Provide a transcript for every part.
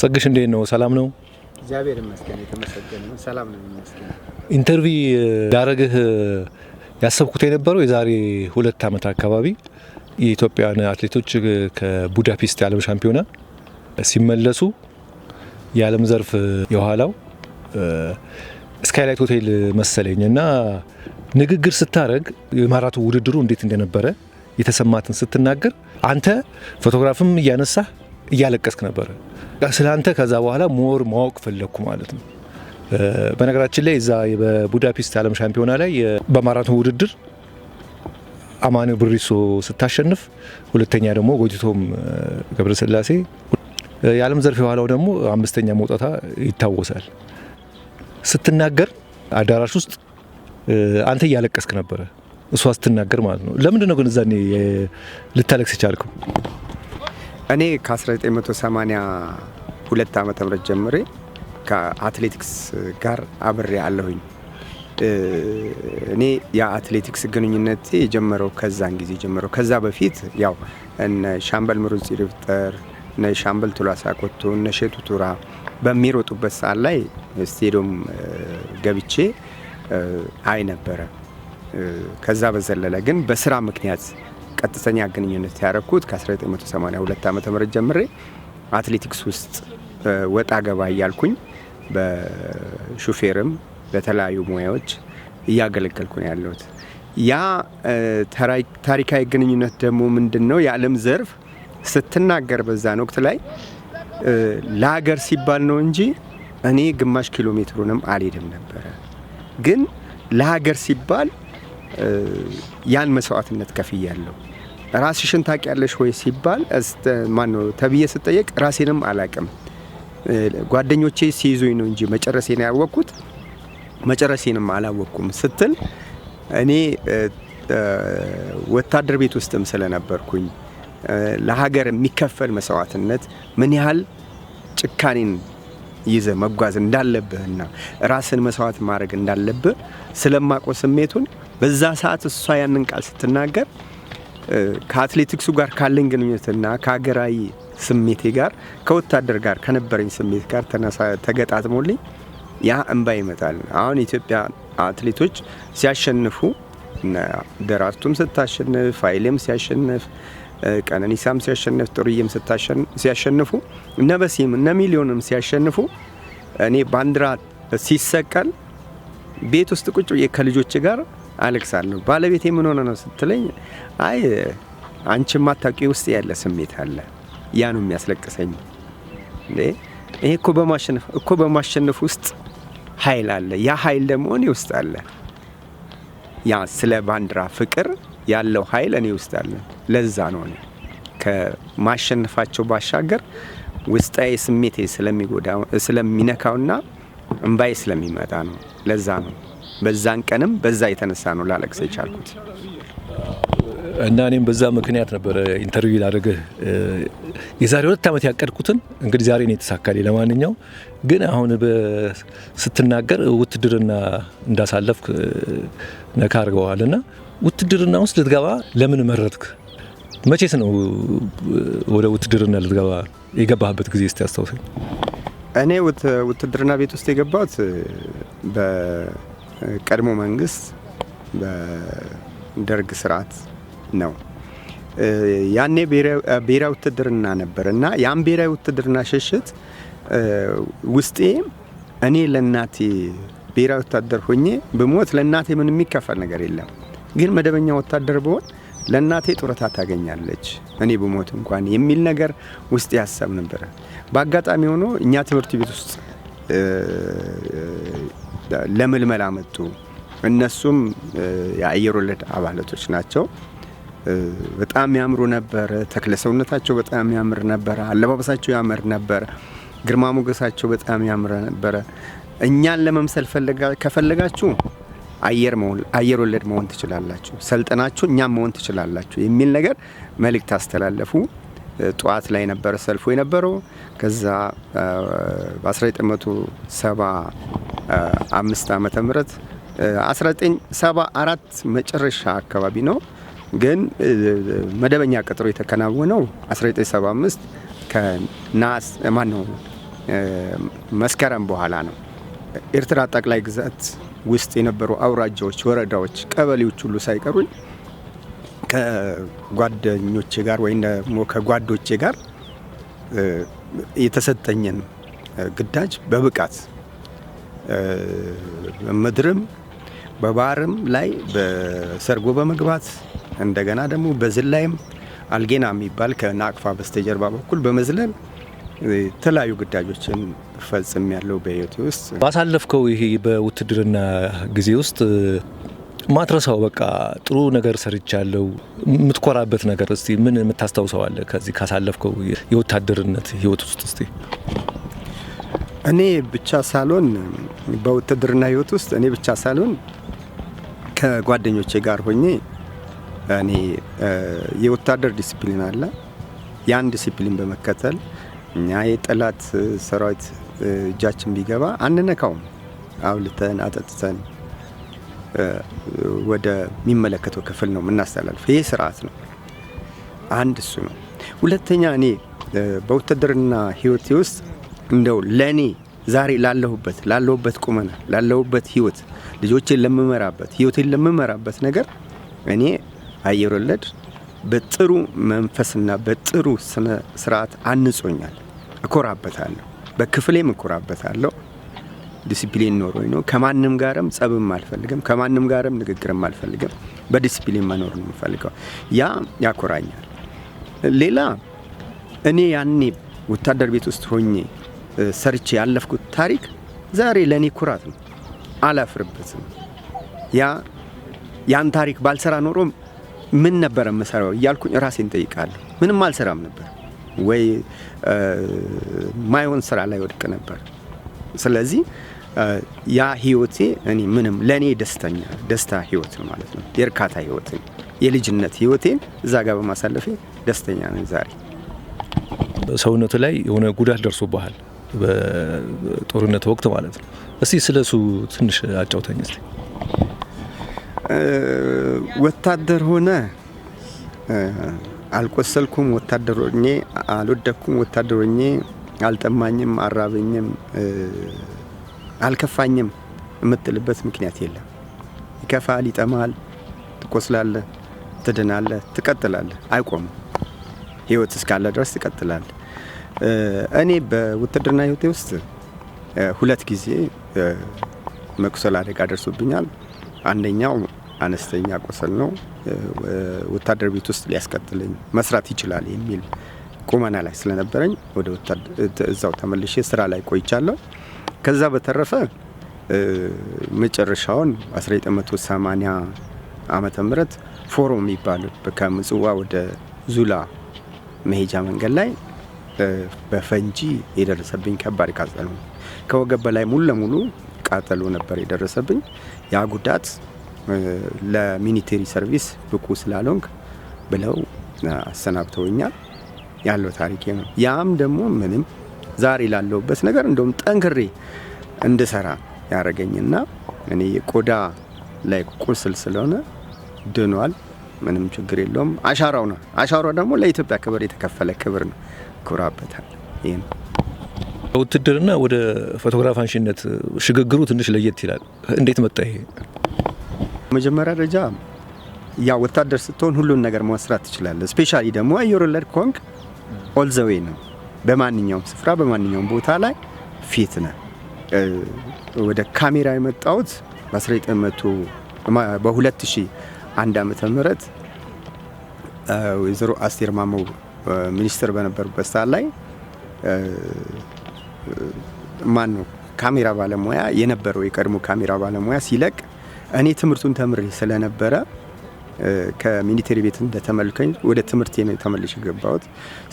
ጸግሽ እንዴት ነው? ሰላም ነው? እግዚአብሔር ይመስገን የተመሰገነ ነው። ሰላም ነው ይመስገን። ኢንተርቪው ዳረግህ ያሰብኩት የነበረው የዛሬ ሁለት ዓመት አካባቢ የኢትዮጵያን አትሌቶች ከቡዳፔስት የዓለም ሻምፒዮና ሲመለሱ የዓለም ዘርፍ የኋላው ስካይላይት ሆቴል መሰለኝ እና ንግግር ስታደረግ የማራቱ ውድድሩ እንዴት እንደነበረ የተሰማትን ስትናገር አንተ ፎቶግራፍም እያነሳህ እያለቀስክ ነበረ። ስለአንተ ከዛ በኋላ ሞር ማወቅ ፈለግኩ ማለት ነው። በነገራችን ላይ እዛ በቡዳፔስት ዓለም ሻምፒዮና ላይ በማራቶን ውድድር አማኑ ብሪሶ ስታሸንፍ፣ ሁለተኛ ደግሞ ጎጅቶም ገብረስላሴ፣ የዓለም ዘርፍ የኋላው ደግሞ አምስተኛ መውጣታ ይታወሳል። ስትናገር አዳራሽ ውስጥ አንተ እያለቀስክ ነበረ፣ እሷ ስትናገር ማለት ነው። ለምንድን ነው ግን እዛኔ ልታለቅስ የቻልከው? እኔ ከ1982 ዓመተ ምህረት ጀምሬ ከአትሌቲክስ ጋር አብሬ አለሁኝ። እኔ የአትሌቲክስ ግንኙነት የጀመረው ከዛን ጊዜ ጀመረው። ከዛ በፊት ያው እነ ሻምበል ምሩጽ ይፍጠር፣ እነ ሻምበል ቱላሳ ኮቶ፣ እነ ሼቱ ቱራ በሚሮጡበት ሰዓት ላይ ስቴዲየም ገብቼ አይ ነበረ። ከዛ በዘለለ ግን በስራ ምክንያት ቀጥተኛ ግንኙነት ያደረኩት ከ1982 ዓ ም ጀምሬ አትሌቲክስ ውስጥ ወጣ ገባ እያልኩኝ በሹፌርም በተለያዩ ሙያዎች እያገለገልኩ ነው ያለሁት። ያ ታሪካዊ ግንኙነት ደግሞ ምንድን ነው? የዓለም ዘርፍ ስትናገር በዛን ወቅት ላይ ለሀገር ሲባል ነው እንጂ እኔ ግማሽ ኪሎ ሜትሩንም አልሄድም ነበረ። ግን ለሀገር ሲባል ያን መስዋዕትነት ከፍያለሁ። ራስሽን ታውቂያለሽ ወይ ሲባል ማነው ተብዬ ስጠየቅ ራሴንም አላቅም ጓደኞቼ ሲይዙኝ ነው እንጂ መጨረሴን ያወቅኩት መጨረሴንም አላወቅኩም ስትል እኔ ወታደር ቤት ውስጥም ስለነበርኩኝ ለሀገር የሚከፈል መስዋዕትነት ምን ያህል ጭካኔን ይዘ መጓዝ እንዳለብህና ራስን መስዋዕት ማድረግ እንዳለብህ ስለማቆ ስሜቱን በዛ ሰዓት እሷ ያንን ቃል ስትናገር ከአትሌቲክሱ ጋር ካለኝ ግንኙነትና ከሀገራዊ ስሜቴ ጋር ከወታደር ጋር ከነበረኝ ስሜት ጋር ተገጣጥሞልኝ ያ እንባ ይመጣል። አሁን የኢትዮጵያ አትሌቶች ሲያሸንፉ ደራርቱም ስታሸንፍ፣ ኃይሌም ሲያሸንፍ ቀነኒሳም ሲያሸንፍ ጥሩዬም ሲያሸንፉ እነ በሲም እነ ሚሊዮንም ሲያሸንፉ እኔ ባንዲራ ሲሰቀል ቤት ውስጥ ቁጭ ብዬ ከልጆች ጋር አለቅሳለሁ። ባለቤቴ ምን ሆነ ነው ስትለኝ፣ አይ አንቺ ማታቂ ውስጥ ያለ ስሜት አለ፣ ያ ነው የሚያስለቅሰኝ። ይሄ እኮ በማሸነፍ እኮ በማሸነፍ ውስጥ ኃይል አለ፣ ያ ኃይል ደግሞ እኔ ውስጥ አለ። ያ ስለ ባንዲራ ፍቅር ያለው ኃይል እኔ ውስጥ አለ። ለዛ ነው እኔ ከማሸነፋቸው ባሻገር ውስጣዊ ስሜቴ ስለሚጎዳ ስለሚነካውና እምባዬ ስለሚመጣ ነው። ለዛ ነው በዛን ቀንም በዛ የተነሳ ነው ላለቅስ የቻልኩት እና እኔም በዛ ምክንያት ነበረ ኢንተርቪው ላደርግህ የዛሬ ሁለት ዓመት ያቀድኩትን እንግዲህ ዛሬ ነው የተሳካል። ለማንኛው ግን አሁን ስትናገር ውትድርና እንዳሳለፍክ ነካ እና ውትድርና ውስጥ ልትገባ ለምን መረጥክ? መቼስ ነው ወደ ውትድርና ልትገባ የገባህበት ጊዜ ስ ያስታውሰኝ። እኔ ውትድርና ቤት ውስጥ የገባሁት በቀድሞ መንግስት በደርግ ስርዓት ነው። ያኔ ብሔራዊ ውትድርና ነበር እና ያን ብሔራዊ ውትድርና ሽሽት ውስጤ እኔ ለእናቴ ብሔራዊ ወታደር ሆኜ ብሞት ለእናቴ ምን የሚከፈል ነገር የለም ግን መደበኛ ወታደር ብሆን ለእናቴ ጡረታ ታገኛለች እኔ ብሞት እንኳን የሚል ነገር ውስጥ ያሳብ ነበረ። በአጋጣሚ ሆኖ እኛ ትምህርት ቤት ውስጥ ለምልመላ መጡ። እነሱም የአየር ወለድ አባላቶች ናቸው። በጣም ያምሩ ነበር ተክለ ሰውነታቸው በጣም ያምር ነበረ። አለባበሳቸው ያምር ነበር፣ ግርማ ሞገሳቸው በጣም ያምር ነበረ። እኛን ለመምሰል ከፈለጋችሁ አየር ወለድ መሆን ትችላላችሁ፣ ሰልጥናችሁ እኛም መሆን ትችላላችሁ የሚል ነገር መልእክት አስተላለፉ። ጠዋት ላይ ነበረ ሰልፉ የነበረው። ከዛ በ1975 ዓመተ ምህረት 1974 መጨረሻ አካባቢ ነው ግን መደበኛ ቀጠሮ የተከናወነው 1975 ከናስ ማን ነው መስከረም በኋላ ነው። ኤርትራ ጠቅላይ ግዛት ውስጥ የነበሩ አውራጃዎች፣ ወረዳዎች፣ ቀበሌዎች ሁሉ ሳይቀሩኝ ከጓደኞቼ ጋር ወይም ደግሞ ከጓዶቼ ጋር የተሰጠኝን ግዳጅ በብቃት ምድርም በባህርም ላይ በሰርጎ በመግባት እንደገና ደግሞ በዝላይም አልጌና የሚባል ከናቅፋ በስተጀርባ በኩል በመዝለል የተለያዩ ግዳጆችን ፈጽም ያለው በህይወቴ ውስጥ ባሳለፍከው ይሄ በውትድርና ጊዜ ውስጥ ማትረሳው በቃ ጥሩ ነገር ያለው የምትኮራበት ነገር እስቲ ምን የምታስታውሰዋለ ከዚህ ካሳለፍከው የወታደርነት ህይወት ውስጥ እስቲ። እኔ ብቻ ሳልሆን በውትድርና ህይወት ውስጥ እኔ ብቻ ሳልሆን ከጓደኞቼ ጋር ሆኜ እኔ የወታደር ዲስፕሊን አለ። ያን ዲስፕሊን በመከተል እኛ የጠላት ሰራዊት እጃችን ቢገባ አንነካውም። አብልተን አጠጥተን ወደሚመለከተው ክፍል ነው የምናስተላልፈው። ይህ ስርዓት ነው። አንድ እሱ ነው። ሁለተኛ እኔ በውትድርና ህይወቴ ውስጥ እንደው ለእኔ ዛሬ ላለሁበት ላለሁበት ቁመና ላለሁበት ህይወት ልጆቼን ለምመራበት ህይወቴን ለምመራበት ነገር እኔ አየር ወለድ በጥሩ መንፈስና በጥሩ ስነ ስርዓት አንጾኛል። እኮራበታለሁ። በክፍሌም እኮራበታለሁ። ዲሲፕሊን ኖሮኝ ነው። ከማንም ጋርም ጸብም አልፈልግም። ከማንም ጋርም ንግግርም አልፈልግም። በዲሲፕሊን መኖር ነው የምፈልገው። ያ ያኮራኛል። ሌላ እኔ ያኔ ወታደር ቤት ውስጥ ሆኜ ሰርቼ ያለፍኩት ታሪክ ዛሬ ለእኔ ኩራት ነው። አላፍርበትም። ያ ያን ታሪክ ባልሰራ ኖሮ ምን ነበረ የምሰራው እያልኩኝ ራሴን ጠይቃለሁ። ምንም አልሰራም ነበር። ወይ ማይሆን ስራ ላይ ወድቅ ነበር። ስለዚህ ያ ህይወቴ እኔ ምንም ለእኔ ደስተኛ ደስታ ህይወት ነው ማለት ነው። የእርካታ ህይወት የልጅነት ህይወቴን እዛ ጋር በማሳለፌ ደስተኛ ነኝ። ዛሬ ሰውነቱ ላይ የሆነ ጉዳት ደርሶብሃል በጦርነት ወቅት ማለት ነው። እስቲ ስለ እሱ ትንሽ አጫውተኝ። ስ ወታደር ሆነ አልቆሰልኩም ወታደሮኜ፣ አልወደኩም ወታደሮኜ፣ አልጠማኝም፣ አራበኝም፣ አልከፋኝም የምትልበት ምክንያት የለም። ይከፋል፣ ይጠማል፣ ትቆስላለህ፣ ትድናለህ፣ ትቀጥላለህ። አይቆምም። ህይወት እስካለ ድረስ ትቀጥላለህ። እኔ በውትድርና ህይወቴ ውስጥ ሁለት ጊዜ መቁሰል አደጋ ደርሶብኛል። አንደኛው አነስተኛ ቁስል ነው፣ ወታደር ቤት ውስጥ ሊያስቀጥልኝ መስራት ይችላል የሚል ቁመና ላይ ስለነበረኝ ወደ እዛው ተመልሼ ስራ ላይ ቆይቻለሁ። ከዛ በተረፈ መጨረሻውን 1980 ዓመተ ምህረት ፎሮም የሚባል ከምጽዋ ወደ ዙላ መሄጃ መንገድ ላይ በፈንጂ የደረሰብኝ ከባድ ቃጠሎ ከወገብ በላይ ሙሉ ለሙሉ ቃጠሎ ነበር የደረሰብኝ ያ ጉዳት ለሚኒቴሪ ሰርቪስ ብቁ ስላልሆንክ ብለው አሰናብተውኛል። ያለው ታሪክ ነው። ያም ደግሞ ምንም ዛሬ ላለሁበት ነገር እንደውም ጠንክሬ እንድሰራ ያደረገኝና እኔ የቆዳ ላይ ቁስል ስለሆነ ድኗል። ምንም ችግር የለውም። አሻራው ነው። አሻራው ደግሞ ለኢትዮጵያ ክብር የተከፈለ ክብር ነው። ኩራበታል። ይህ ውትድርና ወደ ፎቶግራፍ አንሺነት ሽግግሩ ትንሽ ለየት ይላል። እንዴት መጣ ይሄ? መጀመሪያ ደረጃ ያ ወታደር ስትሆን ሁሉን ነገር ማስራት ትችላለህ። ስፔሻሊ ደግሞ አየር ወለድ ኮንክ ኦል ዘ ዌይ ነው። በማንኛውም ስፍራ በማንኛውም ቦታ ላይ ፊት ነህ። ወደ ካሜራ የመጣሁት በ2000 አንድ ዓመተ ምህረት ወይዘሮ አስቴር ማሞ ሚኒስትር በነበሩበት ሰዓት ላይ ማን ነው ካሜራ ባለሙያ የነበረው የቀድሞ ካሜራ ባለሙያ ሲለቅ እኔ ትምህርቱን ተምሬ ስለነበረ ከሚኒቴሪ ቤት እንደተመልከኝ ወደ ትምህርት ተመልሽ ገባሁት።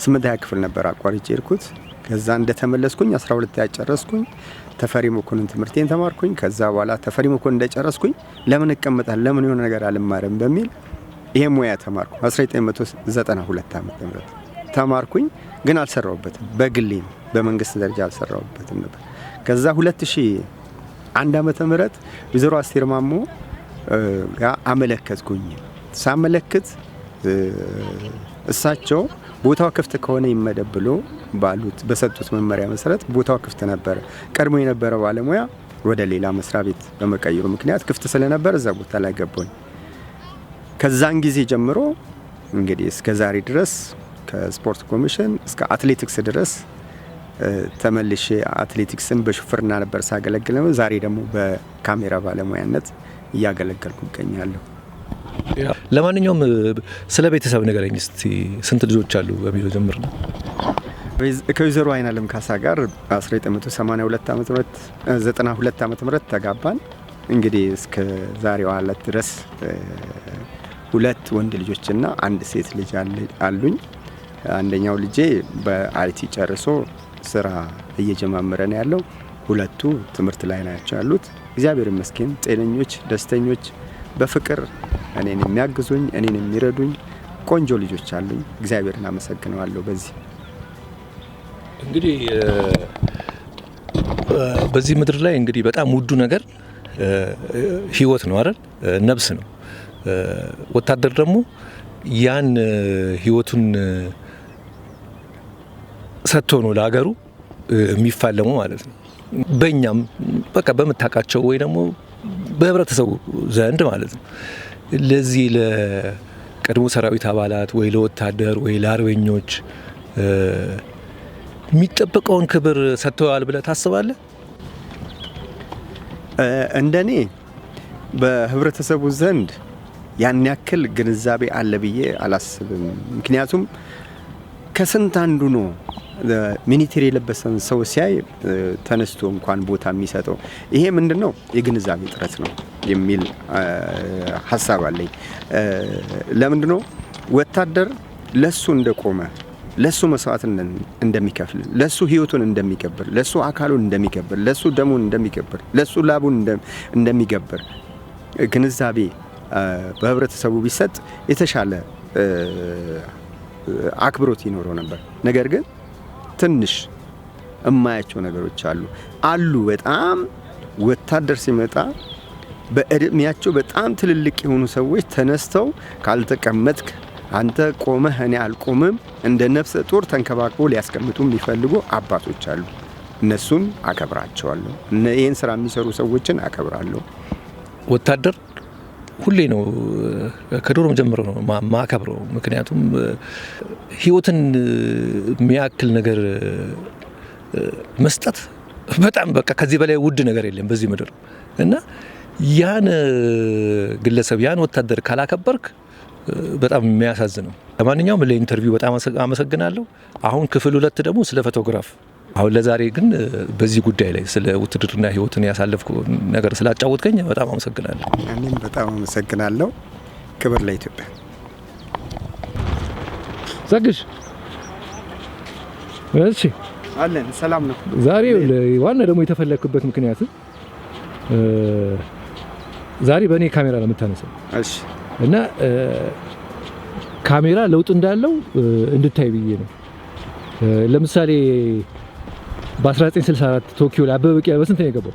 ስምንት ሀያ ክፍል ነበር አቋርጬ የሄድኩት። ከዛ እንደተመለስኩኝ አስራ ሁለተኛ ጨረስኩኝ። ተፈሪ መኮንን ትምህርቴን ተማርኩኝ። ከዛ በኋላ ተፈሪ መኮንን እንደጨረስኩኝ ለምን እቀመጣል ለምን የሆነ ነገር አልማርም በሚል ይሄ ሙያ ተማርኩ። 1992 ዓመተ ምህረት ተማርኩኝ፣ ግን አልሰራውበትም። በግሌም በመንግስት ደረጃ አልሰራውበትም ነበር ከዛ 2000 አንድ ዓመተ ምህረት ወይዘሮ አስቴር ማሞ አመለከትኩኝ። ሳመለክት እሳቸው ቦታው ክፍት ከሆነ ይመደብ ብሎ ባሉት በሰጡት መመሪያ መሰረት ቦታው ክፍት ነበረ። ቀድሞ የነበረ ባለሙያ ወደ ሌላ መስሪያ ቤት በመቀየሩ ምክንያት ክፍት ስለነበር እዛ ቦታ ላይ ገባኝ። ከዛን ጊዜ ጀምሮ እንግዲህ እስከ ዛሬ ድረስ ከስፖርት ኮሚሽን እስከ አትሌቲክስ ድረስ ተመልሼ አትሌቲክስን በሹፍርና ነበር ሳገለግል ዛሬ ደግሞ በካሜራ ባለሙያነት እያገለገልኩ ይገኛለሁ። ለማንኛውም ስለ ቤተሰብ ንገረኝ እስቲ። ስንት ልጆች አሉ በሚለው ጀምር ነው። ከወይዘሮ አይናለም ካሳ ጋር 1982 ዓ ም ዓ ም ተጋባን። እንግዲህ እስከ ዛሬዋ ዕለት ድረስ ሁለት ወንድ ልጆችና አንድ ሴት ልጅ አሉኝ። አንደኛው ልጄ በአይቲ ጨርሶ ስራ እየጀማመረ ነው ያለው። ሁለቱ ትምህርት ላይ ናቸው ያሉት። እግዚአብሔር ይመስገን ጤነኞች፣ ደስተኞች፣ በፍቅር እኔን የሚያግዙኝ እኔን የሚረዱኝ ቆንጆ ልጆች አሉኝ። እግዚአብሔርን አመሰግነዋለሁ። በዚህ እንግዲህ በዚህ ምድር ላይ እንግዲህ በጣም ውዱ ነገር ህይወት ነው አይደል? ነብስ ነው። ወታደር ደግሞ ያን ህይወቱን ሰጥቶ ነው ለሀገሩ የሚፋለሙ ማለት ነው። በእኛም በቃ በምታውቃቸው ወይ ደግሞ በህብረተሰቡ ዘንድ ማለት ነው ለዚህ ለቀድሞ ሰራዊት አባላት ወይ ለወታደር ወይ ለአርበኞች የሚጠበቀውን ክብር ሰጥተዋል ብለህ ታስባለህ? እንደኔ በህብረተሰቡ ዘንድ ያን ያክል ግንዛቤ አለ ብዬ አላስብም። ምክንያቱም ከስንት አንዱ ነው ሚኒቴር የለበሰን ሰው ሲያይ ተነስቶ እንኳን ቦታ የሚሰጠው ይሄ ምንድን ነው? የግንዛቤ ጥረት ነው የሚል ሀሳብ አለኝ። ለምንድ ነው ወታደር ለሱ እንደቆመ ለሱ መስዋዕት እንደሚከፍል ለሱ ህይወቱን እንደሚገብር ለሱ አካሉን እንደሚገብር ለሱ ደሙን እንደሚገብር ለሱ ላቡን እንደሚገብር ግንዛቤ በህብረተሰቡ ቢሰጥ የተሻለ አክብሮት ይኖረው ነበር። ነገር ግን ትንሽ እማያቸው ነገሮች አሉ አሉ። በጣም ወታደር ሲመጣ በእድሜያቸው በጣም ትልልቅ የሆኑ ሰዎች ተነስተው ካልተቀመጥክ አንተ ቆመህ እኔ አልቆምም፣ እንደ ነፍሰ ጡር ተንከባክቦ ሊያስቀምጡ የሚፈልጉ አባቶች አሉ። እነሱን አከብራቸዋለሁ። ይህን ስራ የሚሰሩ ሰዎችን አከብራለሁ። ወታደር ሁሌ ነው ከዶሮም ጀምሮ ነው ማከብረው። ምክንያቱም ህይወትን የሚያክል ነገር መስጠት በጣም በቃ ከዚህ በላይ ውድ ነገር የለም በዚህ ምድር እና ያን ግለሰብ ያን ወታደር ካላከበርክ በጣም የሚያሳዝነው። ለማንኛውም ለኢንተርቪው በጣም አመሰግናለሁ። አሁን ክፍል ሁለት ደግሞ ስለ ፎቶግራፍ አሁን ለዛሬ ግን በዚህ ጉዳይ ላይ ስለ ውትድርና ህይወትን ያሳለፍኩ ነገር ስላጫወትከኝ በጣም አመሰግናለሁ። እኔም በጣም አመሰግናለሁ። ክብር ለኢትዮጵያ። ዘግሽ እሺ፣ አለን ሰላም ነው። ዛሬ ዋና ደግሞ የተፈለግክበት ምክንያት ዛሬ በእኔ ካሜራ ነው የምታነሳው። እሺ። እና ካሜራ ለውጥ እንዳለው እንድታይ ብዬ ነው። ለምሳሌ በ1964 ቶኪዮ ላይ አበበ ቢቂላ በስንት ነው የገባው?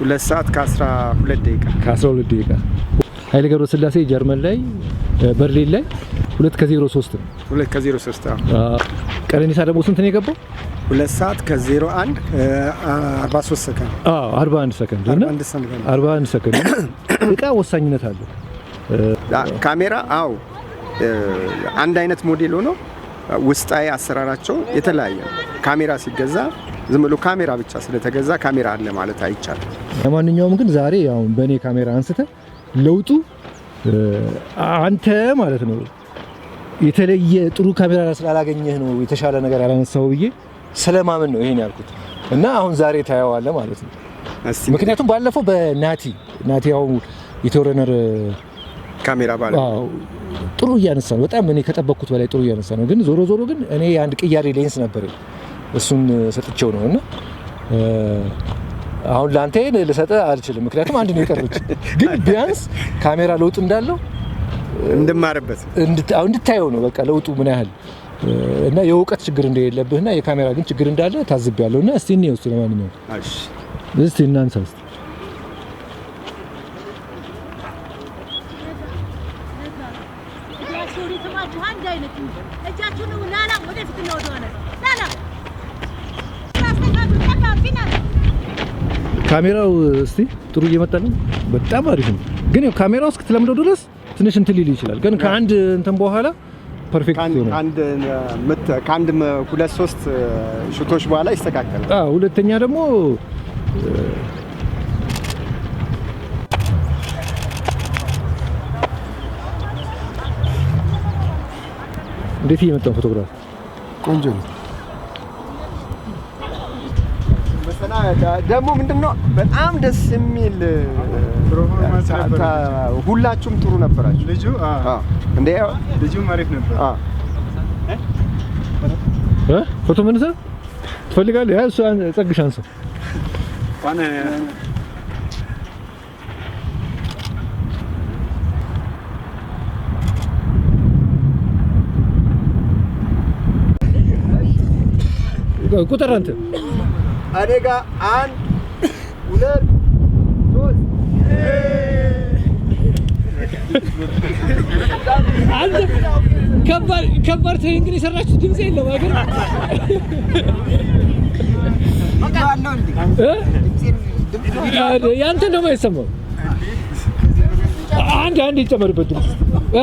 ሁለት ሰዓት ከ12 ደቂቃ ከ12 ደቂቃ። ኃይሌ ገብረስላሴ ጀርመን ላይ በርሊን ላይ ሁለት ከ03 ነው። ሁለት ከ03 ቀነኒሳ ደግሞ ስንት ነው የገባው? ሁለት ሰዓት ከ01 43 ሰከንድ። አዎ 41 ሰከንድ እና 41 ሰከንድ እቃ ወሳኝነት አለው። ካሜራ አዎ አንድ አይነት ሞዴል ሆኖ ውስጣዊ አሰራራቸው የተለያየ ነው። ካሜራ ሲገዛ ዝም ብሎ ካሜራ ብቻ ስለተገዛ ካሜራ አለ ማለት አይቻልም። ለማንኛውም ግን ዛሬ ሁ በእኔ ካሜራ አንስተ ለውጡ አንተ ማለት ነው የተለየ ጥሩ ካሜራ ስላላገኘህ ነው የተሻለ ነገር ያላነሳው ብዬ ስለማምን ነው ይሄን ያልኩት እና አሁን ዛሬ ታየዋለህ ማለት ነው። ምክንያቱም ባለፈው በናቲ ናቲ ያው የተወረነር ካሜራ ባለ ጥሩ እያነሳ ነው። በጣም እኔ ከጠበቅኩት በላይ ጥሩ እያነሳ ነው። ግን ዞሮ ዞሮ ግን እኔ አንድ ቅያሬ ሌንስ ነበር እሱን ሰጥቼው ነው እና አሁን ለአንተ ልሰጠ አልችልም፣ ምክንያቱም አንድ ነው የቀረች። ግን ቢያንስ ካሜራ ለውጥ እንዳለው እንድማርበት እንድታየው ነው በቃ ለውጡ ምን ያህል እና የእውቀት ችግር እንደሌለብህና የካሜራ ግን ችግር እንዳለ ታዝቤያለሁ። እና እስቲ እንየው፣ እስቲ ለማንኛውም እስቲ እናንሳ እስቲ ካሜራው እስቲ ጥሩ እየመጣ ነው። በጣም አሪፍ ነው። ግን ያው ካሜራው እስክትለምደው ድረስ ትንሽ እንትን ሊል ይችላል። ግን ከአንድ እንትን በኋላ ፐርፌክት ነው። አንድ ምት ከአንድ ሁለት ሶስት ሹቶች በኋላ ይስተካከላል። አዎ ሁለተኛ ደግሞ እንዴት እየመጣው ፎቶግራፍ ቆንጆ ነው። ደግሞ ምንድን ነው በጣም ደስ የሚል ሁላችሁም ጥሩ ነበራችሁ። ልጁ እንደ ልጁ አሪፍ ነበር። ፎቶ መነሳ ትፈልጋለህ? ያ እሱ ጸግሽ አንሳ ቁጥር አንተ እኔ ጋር አንድ ሁለት ሶስት አንተ ከባድ ከባድ ትሬኒንግ የሰራችሁ ድምፅ የለም አገር ያንተ ነው የማይሰማው። አንድ አንድ ይጨመርበት ድምፅ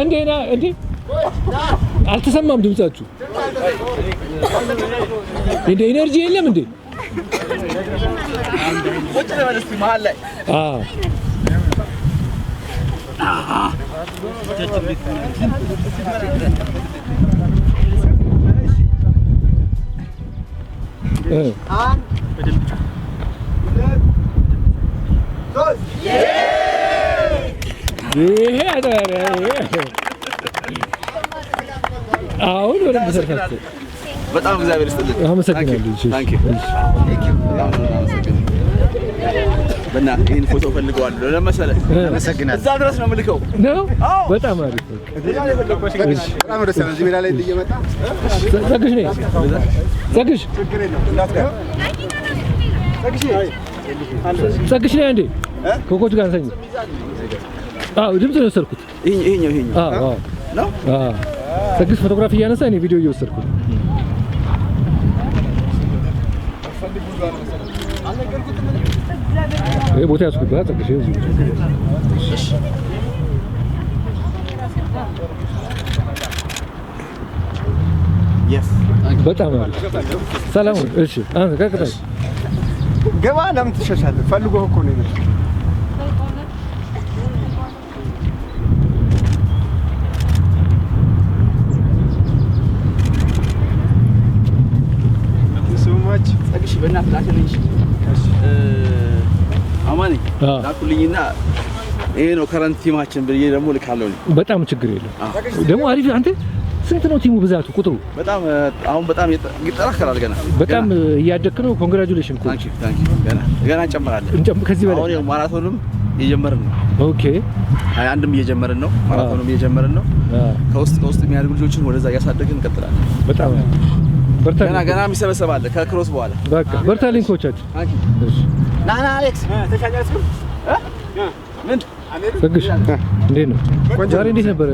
እንዴ ና እንዴ አልተሰማም ድምጻችሁ እንዴ ኢነርጂ የለም እንዴ አሁን ወደ በጣም እግዚአብሔር ይስጥልኝ። አመሰግናለሁ። ነው የምልከው አንዴ ኮኮች ጋር ሰኝ ድምፅ ነው የወሰድኩት። ይሄኛው ይሄኛው ነው ፀግሽ ፎቶግራፍ እያነሳ እኔ ቪዲዮ እየወሰድኩት えもてあそこどうやったっけシェーズよし Yes. በጣም አሪፍ ሰላም። እሺ አንተ ከከታሽ ገባ ለምን ትሸሻለህ? ፈልጎህ እኮ ነው የመጣው ላኩልኝና ይሄ ነው ከረንት ቲማችን ብዬ ደግሞ ልካለሁ። በጣም ችግር የለም ደግሞ አሪፍ አንተ ስንት ነው ቲሙ ብዛቱ ቁጥሩ? በጣም አሁን በጣም ይጠናከራል። ገና በጣም እያደክ ነው። ኮንግራቹሌሽን እኮ ታንኪ ታንኪ። ገና ገና እንጨምራለን። ከዚህ በላይ አሁን ማራቶንም እየጀመርን ነው። ኦኬ አይ አንድም እየጀመርን ነው። ማራቶንም እየጀመርን ነው። ከውስጥ ከውስጥ የሚያድጉ ልጆችን ወደዛ እያሳደግን እንቀጥላለን። በጣም ገና ገና የሚሰበሰባለ ከክሮስ በኋላ በቃ በርታልኝ። ኮቻችሁ ና ና አሌክስ እንዴት ነው ዛሬ? እንዴት ነበር?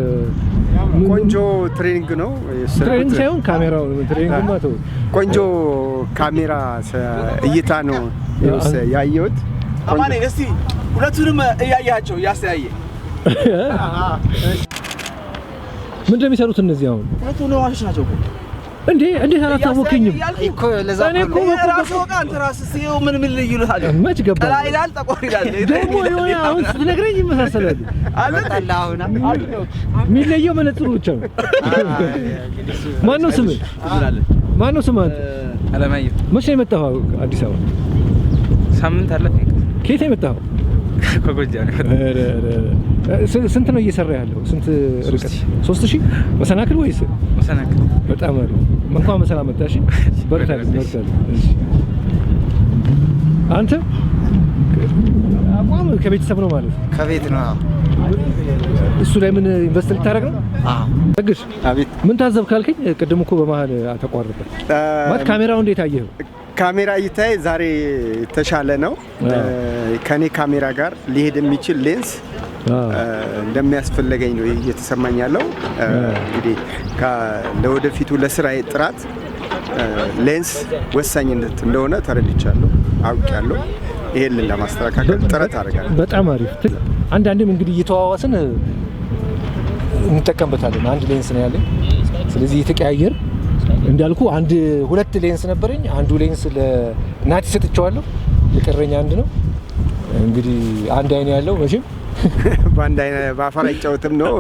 ቆንጆ ትሬኒንግ ነው። ትሬኒንግ ሳይሆን ካሜራው ትሬኒንግማ ተው። ቆንጆ ካሜራ እይታ ነው ያየሁት። አማኔ እስቲ ሁለቱንም እያያቸው እያስተያየ ምን እንደሚሰሩት እነዚህ አሁን ሁለቱ ነው ዋሾች ናቸው። እንዴ እንዴት አላታወቀኝም? እኔ እኮ ምን ምን ልሃል መች ገባ ይላል፣ ጠቆር ይላል። ደግሞ የሆነ አሁን ስትነግረኝ ይመሳሰላሉ። የሚለየው መነጽሩ ብቻ ነው። ማነው ስምህ? ማነው ስምህ አንተ? አለማየሁ። መቼ ነው የመጣኸው አዲስ አበባ? ሳምንት አለ። ከየት ነው የመጣኸው? ስንት ነው እየሰራ ያለው? ስንት ርቀት? ሦስት ሺህ መሰናክል ወይስ? መሰናክል። በጣም አሪፍ እንኳን በሰላም መጣሽ። በርታ በርታ። አንተ አቋም ከቤተሰብ ነው ማለት ከቤት ነው። እሱ ላይ ምን ኢንቨስት ልታደርግ ነው? አዎ ደግሽ። አቤት። ምን ታዘብ ካልከኝ ቅድም እኮ በመሀል አተቋረጠ ማለት ካሜራው እንዴት አየኸው? ካሜራ እይታይ ዛሬ የተሻለ ነው። ከኔ ካሜራ ጋር ሊሄድ የሚችል ሌንስ እንደሚያስፈለገኝ ነው እየተሰማኝ ያለው። እንግዲህ ለወደፊቱ ለስራ ጥራት ሌንስ ወሳኝነት እንደሆነ ተረድቻለሁ፣ አውቄያለሁ። ይሄን ለማስተካከል ጥረት አደርጋለሁ። በጣም አሪፍ። አንዳንድም እንግዲህ እየተዋዋስን እንጠቀምበታለን። አንድ ሌንስ ነው ያለኝ። ስለዚህ የተቀያየር እንዳልኩ አንድ ሁለት ሌንስ ነበረኝ። አንዱ ሌንስ ለናቲ ሰጥቼዋለሁ፣ የቀረኝ አንድ ነው። እንግዲህ አንድ አይን ያለው መቼም በአንድ አይነት በአፈር አይጫወትም ነው